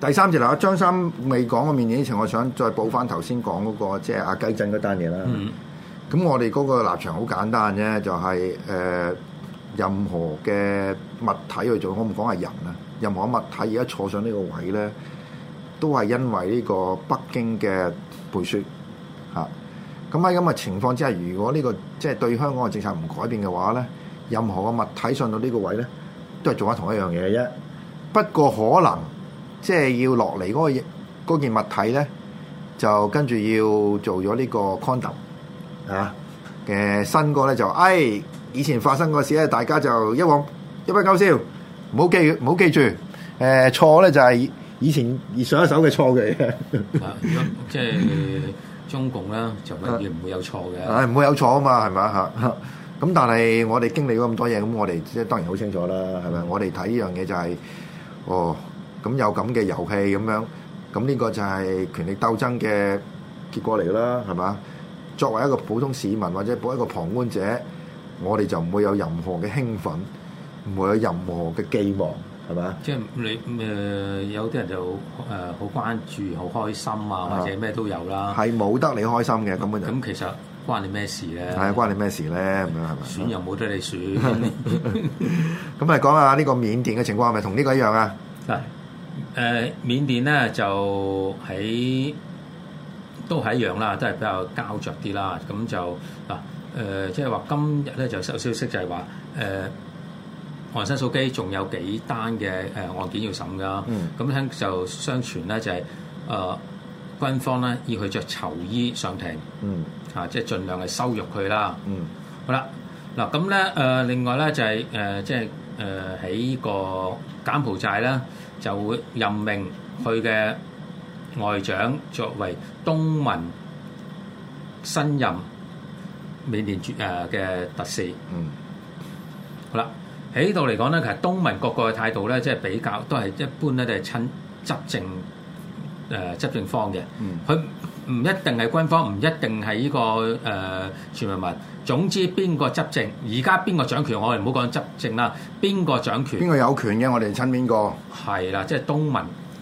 第三節，嗱，張三未講嘅面議之前，我想再補翻頭先講嗰個，即係阿雞震嗰單嘢啦。咁，嗯，我哋嗰個立場好簡單啫，就係誒任何嘅物體去做，我唔講係人啊，任何物體而家坐上呢個位咧，都係因為呢個北京嘅背書嚇。咁喺咁嘅情況之下，如果呢個即係對香港嘅政策唔改變嘅話咧，任何嘅物體上到呢個位咧，都係做緊同一樣嘢啫。是的 不過可能。即係要落嚟嗰件物體咧，就跟住要做咗、啊呃、呢個 condo 啊嘅新個咧就，哎以前發生嗰事咧，大家就一往一筆勾銷，唔好記唔好記住，呃、錯咧就係、是、以前上一手嘅錯嘅，即係、就是呃、 中共呢，就永遠唔會有錯嘅，唔、啊哎、會有錯啊嘛，係咪？吓咁但係我哋經歷咗咁多嘢，咁我哋即係當然好清楚啦，係咪？我哋睇呢樣嘢就係、是，哦。咁有咁嘅遊戲咁樣，咁呢個就係權力鬥爭嘅結果嚟嘅啦，係嘛？作為一個普通市民或者做一個旁觀者，我哋就唔會有任何嘅興奮，唔會有任何嘅寄望，係嘛？即係你誒有啲人就誒好關注、好開心啊，或者咩都有啦。係冇得你開心嘅咁樣。咁其實關你咩事咧？係啊，關你咩事咧？咁樣係嘛？選又冇得你選。咁嚟講下呢個緬甸嘅情況係咪同呢個一樣啊？係。誒、呃、緬甸咧就喺都係一樣啦，都係比較膠着啲啦。咁就嗱誒，即係話今日咧就有消息就，就係話誒昂山素基仲有幾單嘅誒案件要審噶。咁咧、嗯、就相傳咧就係、是、誒、呃、軍方咧要佢着囚衣上庭，嚇、嗯啊、即係盡量係羞辱佢、嗯、啦。好啦嗱，咁咧誒另外咧就係誒即係誒喺個柬埔寨啦。就會任命佢嘅外長作為東盟新任緬甸主誒嘅特使。嗯。好啦，喺呢度嚟講咧，其實東盟各國嘅態度咧，即係比較都係一般咧，都係親執政誒、呃、執政方嘅。嗯。佢。唔一定係軍方，唔一定係呢個誒全民民。總之邊個執政，而家邊個掌權，我哋唔好講執政啦。邊個掌權，邊個有權嘅，我哋親邊個？係啦，即係東民，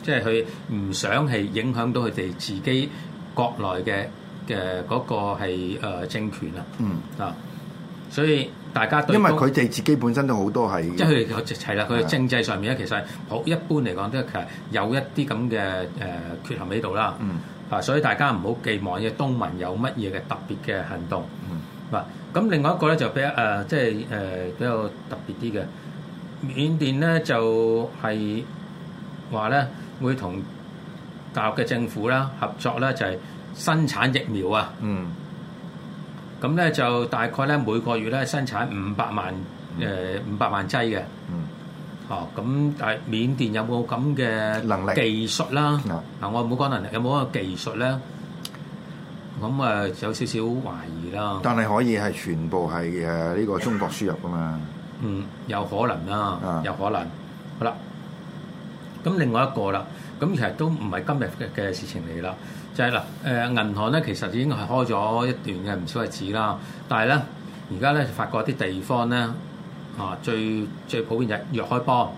即係佢唔想係影響到佢哋自己國內嘅嘅嗰個係誒政權啦。嗯啊，所以大家都，因為佢哋自己本身都好多係，即係佢係啦，佢嘅政制上面咧的，其實係一般嚟講都係有一啲咁嘅誒缺陷喺度啦。嗯。啊！所以大家唔好寄望於東盟有乜嘢嘅特別嘅行動。嗱，咁另外一個咧就比較誒，即係誒比較特別啲嘅，緬甸咧就係話咧會同大陸嘅政府啦合作咧，就係生產疫苗啊。嗯。咁咧就大概咧每個月咧生產五百萬誒五百萬劑嘅。嗯。哦，咁但係緬甸有冇咁嘅能力技術啦？嗱，我唔好講能力，有冇一個技術咧？咁誒、呃，有少少懷疑啦。但係可以係全部係誒呢個中國輸入噶嘛？嗯，有可能啦、啊，有可能。好啦，咁另外一個啦，咁其實都唔係今日嘅事情嚟啦，就係嗱誒銀行咧，其實已經係開咗一段嘅唔少日子啦，但係咧而家咧發覺一啲地方咧。啊！最最普遍是、嗯、就係約開波，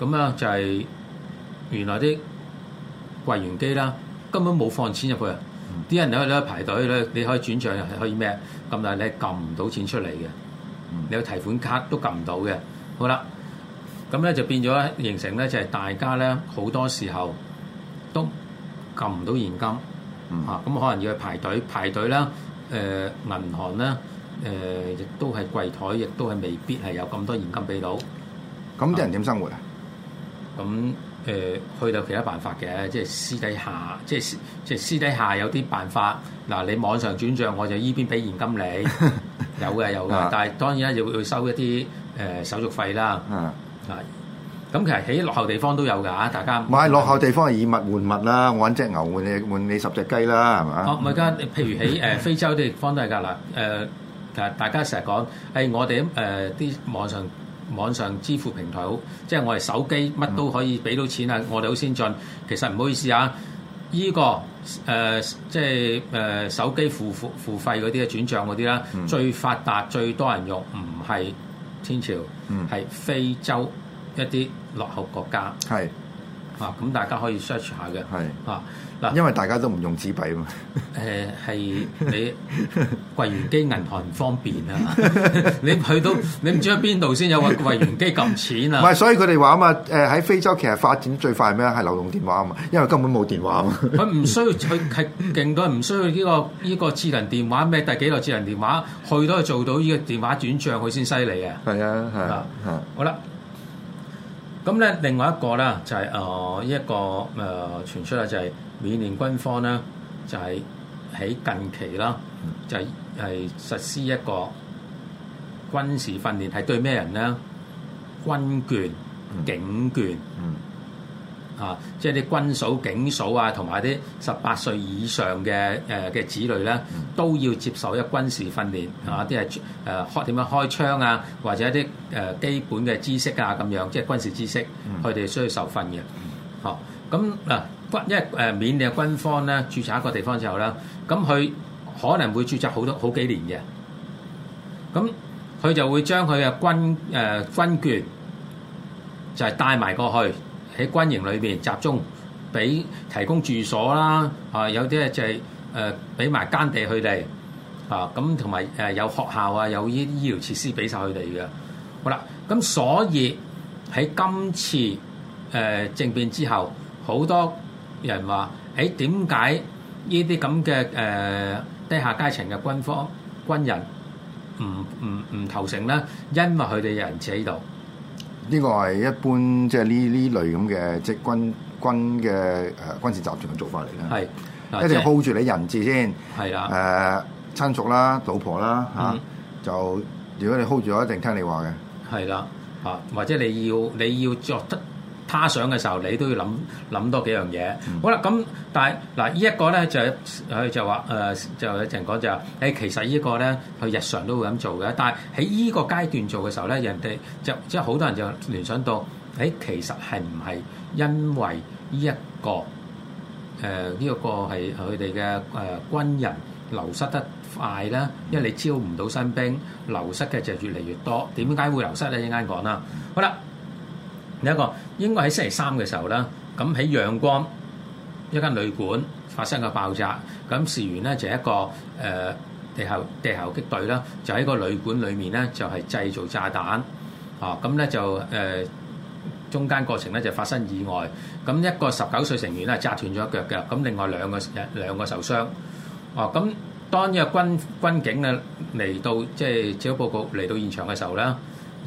咁咧就係原來啲櫃員機啦，根本冇放錢入去，啲、嗯、人咧咧排隊咧，你可以轉賬，可以咩？咁但係你撳唔到錢出嚟嘅，嗯、你個提款卡都撳唔到嘅。好啦，咁咧就變咗形成咧就係大家咧好多時候都撳唔到現金，嗯、啊咁可能要去排隊排隊啦，誒、呃、銀行啦。誒、呃，亦都係櫃台，亦都係未必係有咁多現金俾到。咁啲人點生活啊？咁誒、呃，去到其他辦法嘅，即係私底下，即係即係私底下有啲辦法。嗱、啊，你網上轉賬，我就依邊俾現金你。有嘅有嘅， 但係當然咧要要收一啲誒、呃、手續費啦。嗯、 啊，係。咁其實喺落後地方都有㗎，大家是。唔係落後地方係以物換物啦，我揾隻牛換你換你十隻雞啦，係嘛？哦、啊，咪家，譬如喺誒、 呃、非洲啲地方都係㗎啦，誒、呃。大家成日講，誒、欸，我哋誒啲網上網上支付平台好，即係我哋手機乜都可以俾到錢啊！嗯、我哋好先進，其實唔好意思啊，呢、這個誒、呃，即係誒、呃、手機付付付費嗰啲嘅轉帳嗰啲啦，嗯、最發達最多人用唔係天朝，係、嗯、非洲一啲落後國家。係是啊，咁大家可以 search 下嘅。係是啊。嗱，因為大家都唔用紙幣啊嘛、呃。誒係你櫃員機銀行唔方便啊！ 你不去到你唔知喺邊度先有個櫃員機撳錢啊！唔係，所以佢哋話啊嘛，誒、呃、喺非洲其實發展最快係咩？係流動電話啊嘛，因為根本冇電話啊嘛。佢唔需要佢係勁多，唔需要呢、呢個呢、呢個智能電話咩？第幾代智能電話去到做到呢個電話轉賬，佢先犀利啊！係啊係啊！好啦，咁咧另外一個咧就係、是、誒、呃、一個誒、呃、傳出咧就係、是。緬甸軍方咧就係、是、喺近期啦，就係、是、實施一個軍事訓練，係對咩人咧？軍眷、警眷，嗯、啊，即係啲軍嫂、警嫂啊，同埋啲十八歲以上嘅誒嘅子女咧，都要接受一軍事訓練。啊，啲係誒開點樣開槍啊，或者一啲誒、呃、基本嘅知識啊，咁樣即係、就是、軍事知識，佢哋需要受訓嘅，哦、嗯。嗯。咁嗱，軍一誒，緬甸軍方咧駐紮一個地方之後咧，咁佢可能會駐紮好多好幾年嘅。咁佢就會將佢嘅軍誒軍眷就係帶埋過去喺軍營裏邊集中，俾提供住所啦，啊有啲就係誒俾埋耕地佢哋，啊咁同埋誒有學校啊，有醫醫療設施俾曬佢哋嘅。好啦，咁所以喺今次誒政變之後。好多人話，誒點解呢啲咁嘅誒低下階層嘅軍方軍人唔唔唔投誠咧？因為佢哋人質喺度。呢個係一般即係呢呢類咁嘅即係軍軍嘅誒、呃、軍事集團嘅做法嚟嘅。係、就係、一定 hold 住你人質先。係啊的，誒、呃、親屬啦、老婆啦嚇、嗯啊，就如果你 hold 住我一定聽你話嘅。係啦，啊或者你要你要作得。他想嘅時候，你都要諗諗多幾樣嘢。嗯、好啦，咁但係嗱，依、這、一個咧就佢就話誒，就一陣講就係、呃欸，其實呢個咧佢日常都會咁做嘅。但係喺呢個階段做嘅時候咧，人哋就即係好多人就聯想到，誒、欸、其實係唔係因為呢一個誒呢一個係佢哋嘅誒軍人流失得快啦？因為你招唔到新兵，流失嘅就越嚟越多。點解會流失咧？一陣間講啦。好啦，呢一個。應該喺星期三嘅時候啦，咁喺陽光一間旅館發生個爆炸，咁事源咧就一個誒地下地下擊隊啦，就喺個旅館裡面咧就係製造炸彈，啊咁咧就誒中間過程咧就發生意外，咁一個十九歲成員咧炸斷咗一腳嘅，咁另外兩個兩個受傷，啊咁當呢個軍軍警咧嚟到即係治安佈局嚟到現場嘅時候啦。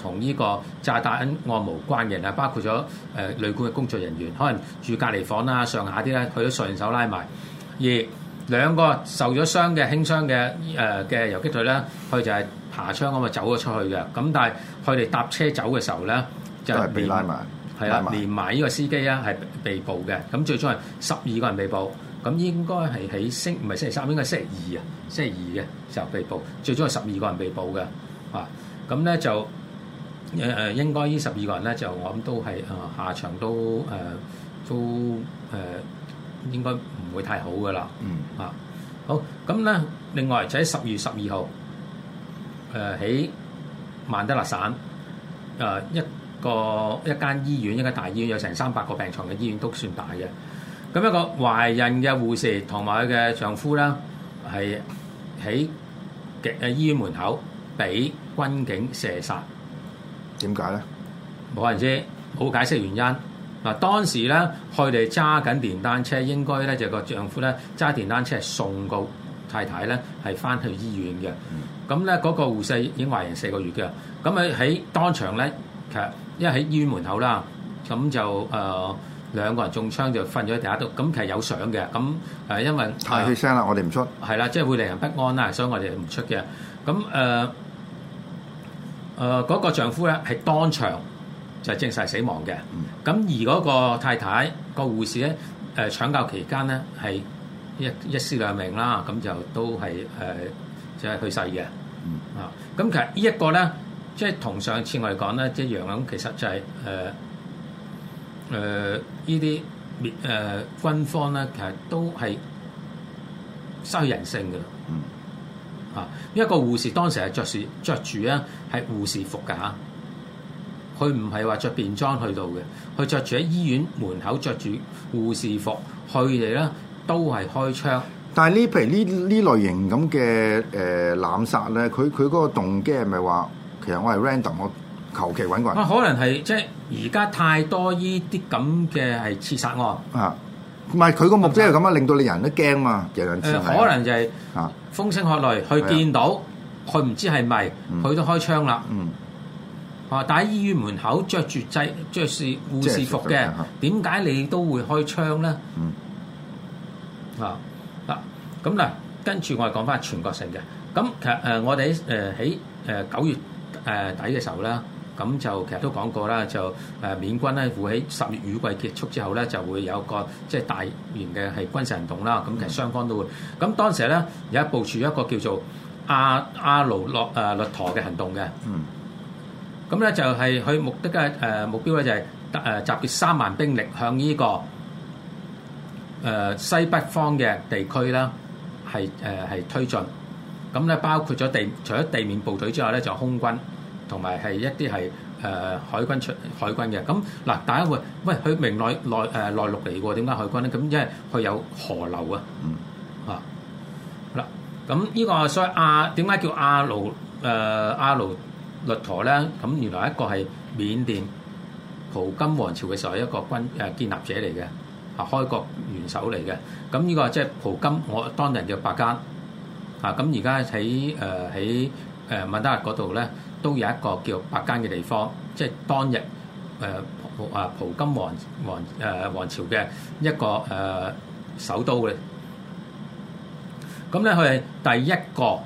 同呢個炸彈案無關嘅人啊，包括咗誒旅館嘅工作人員，可能住隔離房啦、上下啲咧，佢都順手拉埋。而兩個受咗傷嘅輕傷嘅誒嘅遊擊隊咧，佢就係爬窗咁啊走咗出去嘅。咁但係佢哋搭車走嘅時候咧，就係被拉埋係啦，連埋呢、啊、呢個司機啊，係被捕嘅。咁最終係十二個人被捕。咁應該係喺星唔係星期三，應該星期二啊，星期二嘅時候被捕。最終係十二個人被捕嘅。啊，咁咧就。誒誒、呃呃，應該呢十二個人咧，就我諗都係誒下場都誒都誒，應該唔會太好㗎喇。嗯啊，好咁咧。另外就喺十月十二號，誒喺曼德勒省誒、呃、一個一間醫院，一個大醫院，醫院有成三百個病床嘅醫院都算大嘅。咁一個懷孕嘅護士同埋佢嘅丈夫啦，係喺嘅誒醫院門口俾軍警射殺。點解咧？冇人知，冇解釋原因。嗱，當時咧，佢哋揸緊電單車，應該咧就個丈夫咧揸電單車送個太太咧係翻去醫院嘅。咁咧嗰個護士已經懷孕四個月嘅。咁佢喺當場咧，其實因為喺醫院門口啦，咁就誒、呃、兩個人中槍就瞓咗喺地下度。咁其實有相嘅。咁誒，因為太血腥啦，呃、我哋唔出。係啦，即係會令人不安啦，所以我哋唔出嘅。咁誒。呃誒嗰、呃那個丈夫咧係當場就證實死亡嘅，咁而嗰個太太、那個護士咧誒、呃、搶救期間咧係一一屍兩命啦，咁就都係誒即係去世嘅、嗯、啊！咁其實這呢一個咧，即係同上次我哋講咧一樣啦，咁其實就係誒誒呢啲滅誒軍方咧，其實都係失去人性嘅。嗯啊！因為一個護士當時係着住著住咧，係護士服㗎嚇。佢唔係話着便裝去到嘅，佢着住喺醫院門口着住護士服，佢哋咧都係開槍。但係呢，譬如呢呢類型咁嘅誒濫殺咧，佢佢嗰個動機係咪話其實我係 random，我求其揾個人？啊，可能係即係而家太多呢啲咁嘅係刺殺案。啊！唔係佢個目的係咁啊，Okay. 令到你人都驚嘛是、呃，可能就係風聲鶴唳，佢、啊、見到佢唔、啊、知係咪，佢、嗯、都開槍啦。嗯，啊，但喺醫院門口着住制、護士服嘅，點解、嗯嗯、你都會開槍咧？嗯，嗱、啊，咁嗱，跟住我哋講翻全國性嘅。咁其實、呃、我哋誒喺九月、呃、底嘅時候咧。咁就其實都講過啦，就誒緬軍咧，會喺十月雨季結束之後咧，就會有個即係大型嘅係軍事行動啦。咁其實雙方都會。咁當時咧，有一部署一個叫做阿阿勞諾誒勒陀嘅行動嘅。嗯。咁咧就係佢目的嘅誒目標咧，就係誒集結三萬兵力，向呢個誒西北方嘅地區啦，係誒係推進。咁咧包括咗地除咗地面部隊之外咧，就空軍。同埋係一啲係誒海軍出海軍嘅。咁嗱，大家會喂，佢明內內誒內陸嚟嘅喎，點解海軍咧？咁因為佢有河流、嗯、啊嚇嗱。咁呢個所以阿點解叫阿盧誒、啊、阿奴律陀咧？咁、啊、原來一個係緬甸蒲甘王朝嘅時候一個軍誒、啊、建立者嚟嘅啊，開國元首嚟嘅。咁呢個即係蒲甘我當地人叫白間啊。咁而家喺誒喺誒曼德勒嗰度咧。都有一個叫白間嘅地方，即係當日誒、呃、蒲啊金王王誒、呃、王朝嘅一個誒、呃、首都咧。咁咧佢係第一個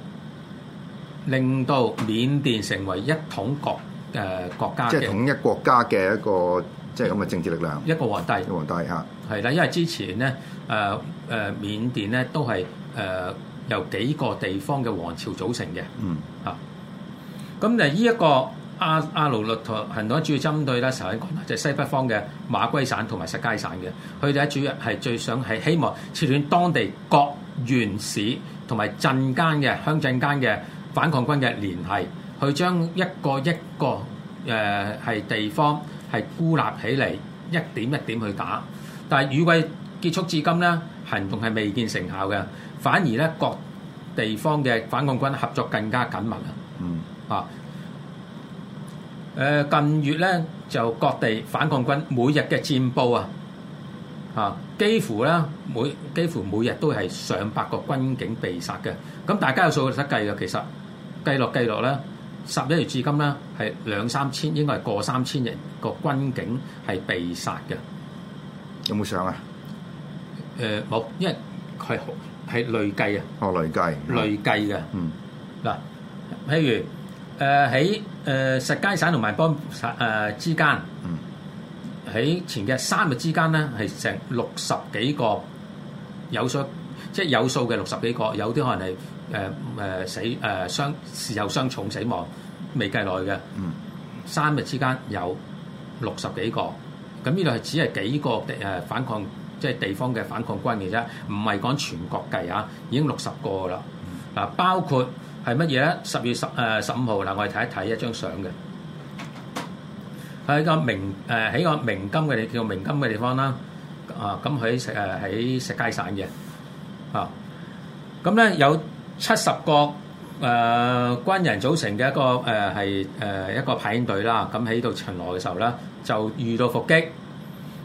令到緬甸成為一統國誒、呃、國家，即係統一國家嘅一個，即係咁嘅政治力量。一個皇帝，一個皇帝吓，係啦，因為之前咧誒誒緬甸咧都係誒、呃、由幾個地方嘅王朝組成嘅，嗯嚇。咁就呢一個阿阿勞律行動主要針對咧，頭先講啦，就係西北方嘅馬圭省同埋石階省嘅，佢哋主要係最想係希望切斷當地各縣市同埋鎮間嘅鄉鎮間嘅反抗軍嘅聯繫，去將一個一個、呃、地方係孤立起嚟，一點一點去打。但係雨季結束至今咧，行動係未見成效嘅，反而咧各地方嘅反抗軍合作更加緊密嗯。啊！誒近月咧就各地反抗軍每日嘅戰報啊！啊，幾乎咧每幾乎每日都係上百個軍警被殺嘅。咁大家有數就得計嘅，其實計落計落咧，十一月至今咧係兩三千，應該係過三千人個軍警係被殺嘅。有冇想啊？誒冇、呃，因為佢係係累計啊，哦累計累計嘅，嗯嗱，譬如。誒喺誒實階省同埋邦省誒之間，喺前嘅三日之間咧，係成六十幾個有數，即、就、係、是、有數嘅六十幾個，有啲可能係誒誒死誒、呃、傷，是有傷重死亡，未計內嘅。嗯、三日之間有六十幾個，咁呢度係只係幾個誒反抗，即、就、係、是、地方嘅反抗軍嘅啫，唔係講全國計啊，已經六十個啦。嗱，包括。係乜嘢咧？十月十誒十五號嗱，我哋睇一睇一張相嘅。喺個明誒喺個明金嘅地叫明金嘅地方啦，啊咁喺石誒喺石階省嘅，啊咁咧有七十個誒軍人組成嘅一個誒係誒一個排隊啦，咁喺度巡邏嘅時候咧就遇到伏擊，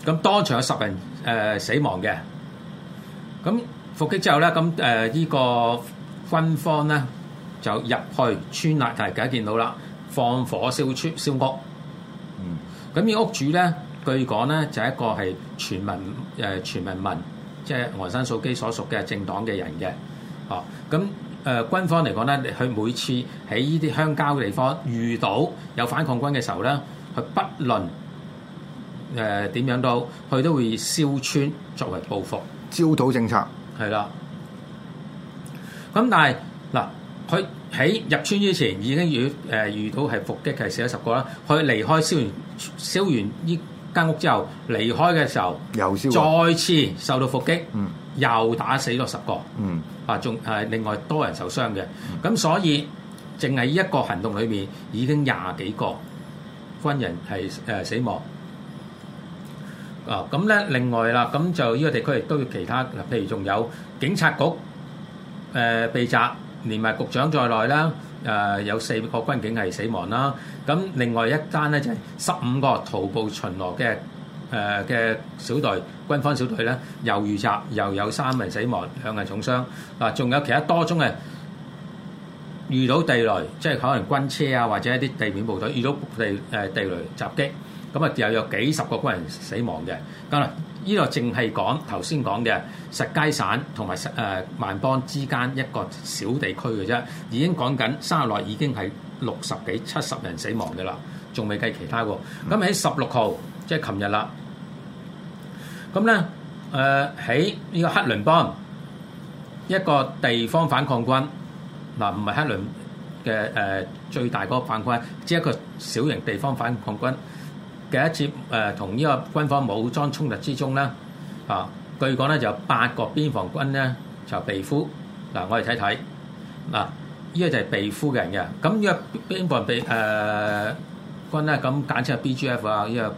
咁當場有十人誒死亡嘅。咁伏擊之後咧，咁誒呢個軍方咧。就入去村立就係大家見到啦。放火燒村燒屋，嗯，咁呢屋主咧，據講咧就係、一個係全民誒、呃、全民民，即係昂山素姬所屬嘅政黨嘅人嘅，哦，咁、嗯、誒、呃、軍方嚟講咧，佢每次喺呢啲鄉郊嘅地方遇到有反抗軍嘅時候咧，佢不論誒點、呃、樣都，佢都會燒村作為報復，焦土政策，係啦。咁、嗯、但係。佢喺入村之前已經遇誒遇到係伏擊，係死咗十個啦。佢離開燒完燒完呢間屋之後，離開嘅時候，又燒，再次受到伏擊，又打死咗十個，啊，仲誒另外多人受傷嘅。咁所以，淨係呢一個行動裏面已經廿幾個軍人係誒死亡。啊，咁咧另外啦，咁就呢個地區亦都有其他嗱，譬如仲有警察局誒被襲。連埋局長在內啦，誒有四個軍警係死亡啦。咁另外一間咧就係十五個徒步巡邏嘅誒嘅小隊軍方小隊咧，又遇襲，又有三人死亡，兩人重傷。仲有其他多宗嘅遇到地雷，即係可能軍車啊，或者一啲地面部隊遇到地誒地雷襲擊。咁啊，又有幾十個軍人死亡嘅。咁啊，依度淨係講頭先講嘅實皆省同埋誒曼邦之間一個小地區嘅啫，已經講緊三日內已經係六十幾七十人死亡嘅啦，仲未計其他喎。咁喺十六號，即係琴日啦。咁咧誒，喺、呃、呢個克倫邦一個地方反抗軍嗱，唔、呃、係克倫嘅誒最大嗰個反抗軍，只係一個小型地方反抗軍。嘅一次誒同呢個軍方武裝衝突之中咧啊，據講咧就有八個邊防軍咧就被俘嗱，我哋睇睇嗱，依、呢個就係被俘嘅人嘅。咁呢個邊防被誒、呃、軍咧，咁簡稱係 BGF 啊，呢、呢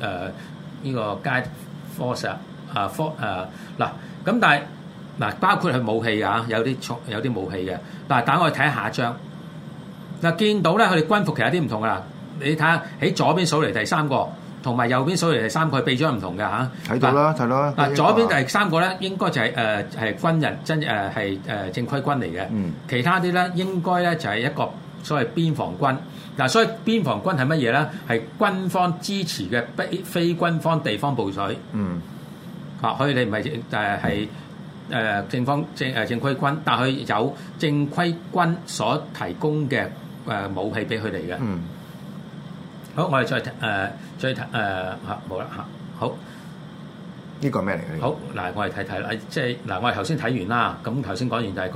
個誒依個 Guide Force 啊，誒嗱、呃，咁但係嗱包括係武器啊，有啲有啲武器嘅，但係等我哋睇下一張嗱，見到咧佢哋軍服其實有啲唔同噶啦。你睇下喺左邊數嚟第三個，同埋右邊數嚟第三個不，佢臂咗唔同嘅嚇。睇到啦，睇到啦。嗱左邊第三個咧，應該就係誒係軍人真誒係誒正規軍嚟嘅。嗯、其他啲咧應該咧就係一個所謂邊防軍。嗱，所謂邊防軍係乜嘢咧？係軍方支持嘅非非軍方地方部隊。嗯他們不是。啊、呃，所以你唔係誒係誒正方正誒正規軍，但佢有正規軍所提供嘅誒武器俾佢哋嘅。嗯。好，我哋再誒、呃、再睇誒嚇，冇啦嚇。好，呢個咩嚟嘅？好，嗱，我哋睇睇啦，即係嗱，我哋頭先睇完啦，咁頭先講完就係嗰、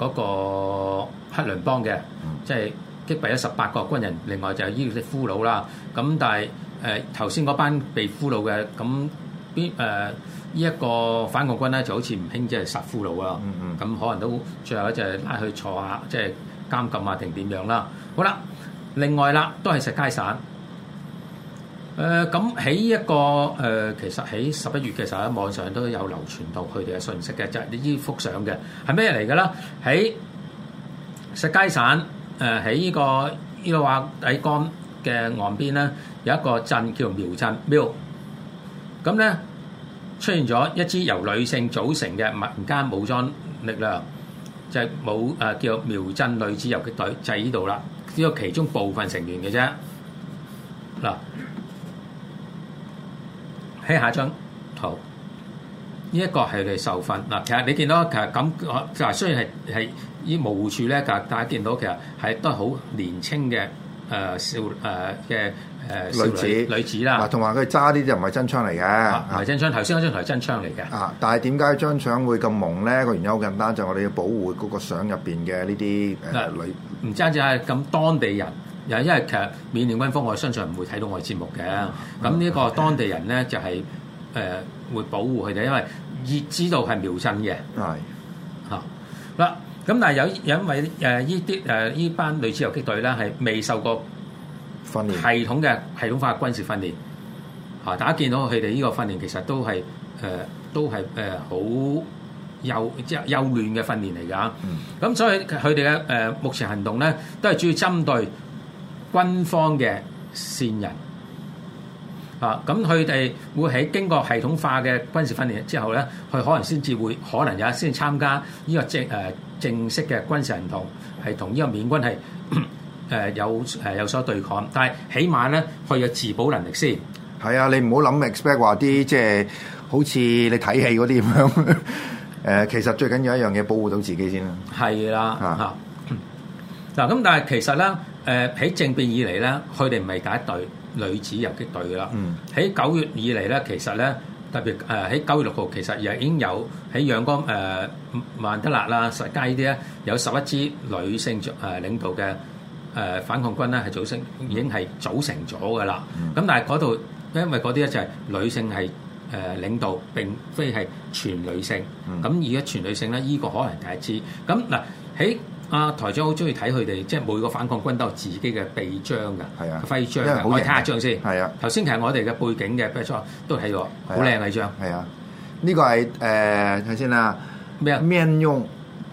那個誒克倫邦嘅，即係擊斃咗十八個軍人，另外就係依啲俘虜啦。咁但係誒頭先嗰班被俘虜嘅，咁邊誒依一個反共軍咧就好似唔興即係殺俘虜啊，咁、嗯嗯、可能都最後就係拉去坐下，即、就、係、是、監禁啊定點樣啦？好啦。另外啦，都係石階省。誒咁喺呢一個誒，其實喺十一月，其實喺網上都有流傳到佢哋嘅訊息嘅，就係呢啲幅相嘅，係咩嚟嘅啦？喺石階省誒喺依個依個佤底江嘅岸邊咧，有一個鎮叫苗鎮苗。咁咧出現咗一支由女性組成嘅民間武裝力量，就係武誒叫做苗鎮女子遊擊隊，就係依度啦。呢個其中部分成員嘅啫，嗱，睇下張圖，呢一個係嚟受訓，嗱，其實你見到其實咁就雖然係模糊處咧，但大家見到其實係都好年青嘅嘅。呃少呃誒女子，女子啦，同埋佢揸呢啲就唔係真槍嚟嘅，唔係真槍。頭先嗰張係真槍嚟嘅，啊！但係點解張相會咁矇咧？個原因好簡單，就係我哋要保護嗰個相入邊嘅呢啲誒女。唔單止係咁，當地人又因為其實緬甸軍方，我相信唔會睇到我哋節目嘅。咁呢個當地人咧就係誒會保護佢哋，因為已知道係苗陣嘅，係嚇。嗱咁，但係有有因為誒呢啲誒呢班女子遊擊隊咧係未受過。訓練系統嘅系統化軍事訓練。嚇，大家見到佢哋呢個訓練其實都係誒、呃、都係誒好幼幼嫩嘅訓練嚟㗎。咁所以佢哋嘅誒目前行動咧都係主要針對軍方嘅線人。啊，咁佢哋會喺經過系統化嘅軍事訓練之後咧，佢可能先至會可能有先參加呢個正誒、呃、正式嘅軍事行動，係同呢個緬軍係。誒、呃、有誒、呃、有所對抗，但係起碼咧，佢有自保能力先。係啊，你唔好諗 expect 話啲即係好似你睇戲嗰啲咁樣。誒、呃，其實最緊要一樣嘢保護到自己先啦的。係啦、啊，嚇、嗯、嗱。咁但係其實咧，誒、呃、喺政變以嚟咧，佢哋唔係第一隊女子遊擊隊噶啦。嗯，喺九月以嚟咧，其實咧特別誒喺九月六號，其實又已經有喺仰光誒曼德勒啦、實皆啲咧有十一支女性著誒領導嘅。誒、呃、反抗軍咧係組成，已經係組成咗㗎喇。咁、嗯、但係嗰度，因為嗰啲咧就係女性係誒、呃、領導，並非係全女性。咁、嗯、而家全女性咧，呢、這個可能大一知。咁嗱，喺阿、啊、台長好中意睇佢哋，即係每個反抗軍都有自己嘅臂章嘅，徽章好，我睇下章先。係啊，頭先其實我哋嘅、啊、背景嘅不如都睇咗，好靚嘅章。係啊，呢個係誒睇先啦，面、啊、面用。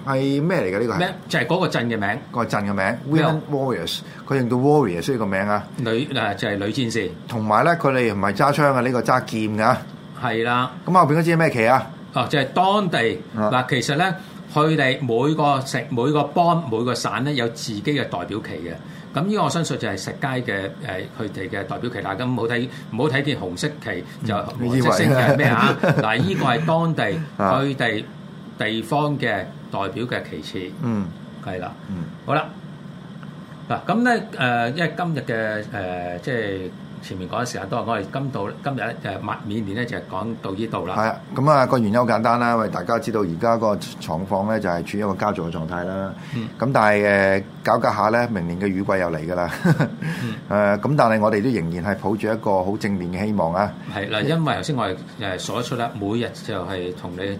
係咩嚟嘅呢個係？咩就係嗰個鎮嘅名？個鎮嘅名，Women Warriors，佢用到 Warriors，所以個名啊。女嗱就係女戰士。同埋咧，佢哋唔係揸槍嘅，呢個揸劍㗎。係啦。咁後邊嗰支咩旗啊？哦，就係當地嗱，其實咧，佢哋每個食每個邦每個省咧有自己嘅代表旗嘅。咁呢個我相信就係食街嘅誒，佢哋嘅代表旗啦。咁唔好睇唔好睇見紅色旗就紅色星旗係咩啊？嗱，依個係當地佢哋。地方嘅代表嘅其次，嗯，係啦，嗯，好啦，嗱咁咧，誒，因為今日嘅誒，即係前面講嘅時間多，我哋今度今日咧就緬甸咧就講到呢度啦。係啊，咁啊個原因好簡單啦，因為大家知道而家個狀況咧就係處於一個膠著嘅狀態啦。咁但係誒，搞搞下咧，明年嘅雨季又嚟㗎啦。誒咁，但係我哋都仍然係抱住一個好正面嘅希望啊。係嗱，因為頭先我係誒所出啦，每日就係同你誒。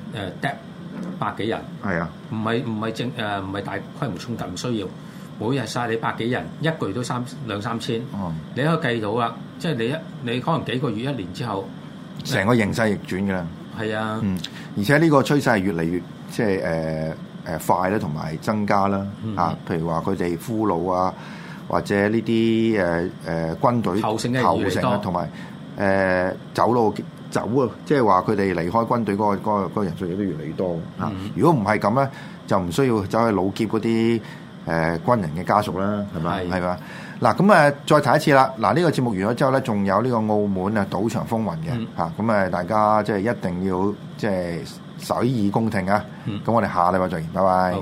百幾人係啊，唔係唔係正誒，唔、呃、係大規模沖突唔需要。每日曬你百幾人，一個月都三兩三千。哦、嗯，你可以計到啦，即係你一你可能幾個月一年之後，成個形勢逆轉㗎喇。係啊，嗯，而且呢個趨勢係越嚟越即係誒誒快啦，同埋增加啦。嗯、啊，譬如話佢哋俘虜啊，或者呢啲誒誒軍隊投誠啦，同埋誒走路。走啊！即係話佢哋離開軍隊嗰、嗰個、個、嗰、個人數亦都越嚟越多。嗯、如果唔係咁咧，就唔需要走去老劫嗰啲誒軍人嘅家屬啦，係咪？係咪係？嗱，咁啊，再睇一次啦。嗱，呢個節目完咗之後咧，仲有呢個澳門啊，賭場風雲嘅。啊，咁啊，大家即係一定要即係洗耳恭聽啊。咁、嗯、我哋下禮拜再見，拜拜。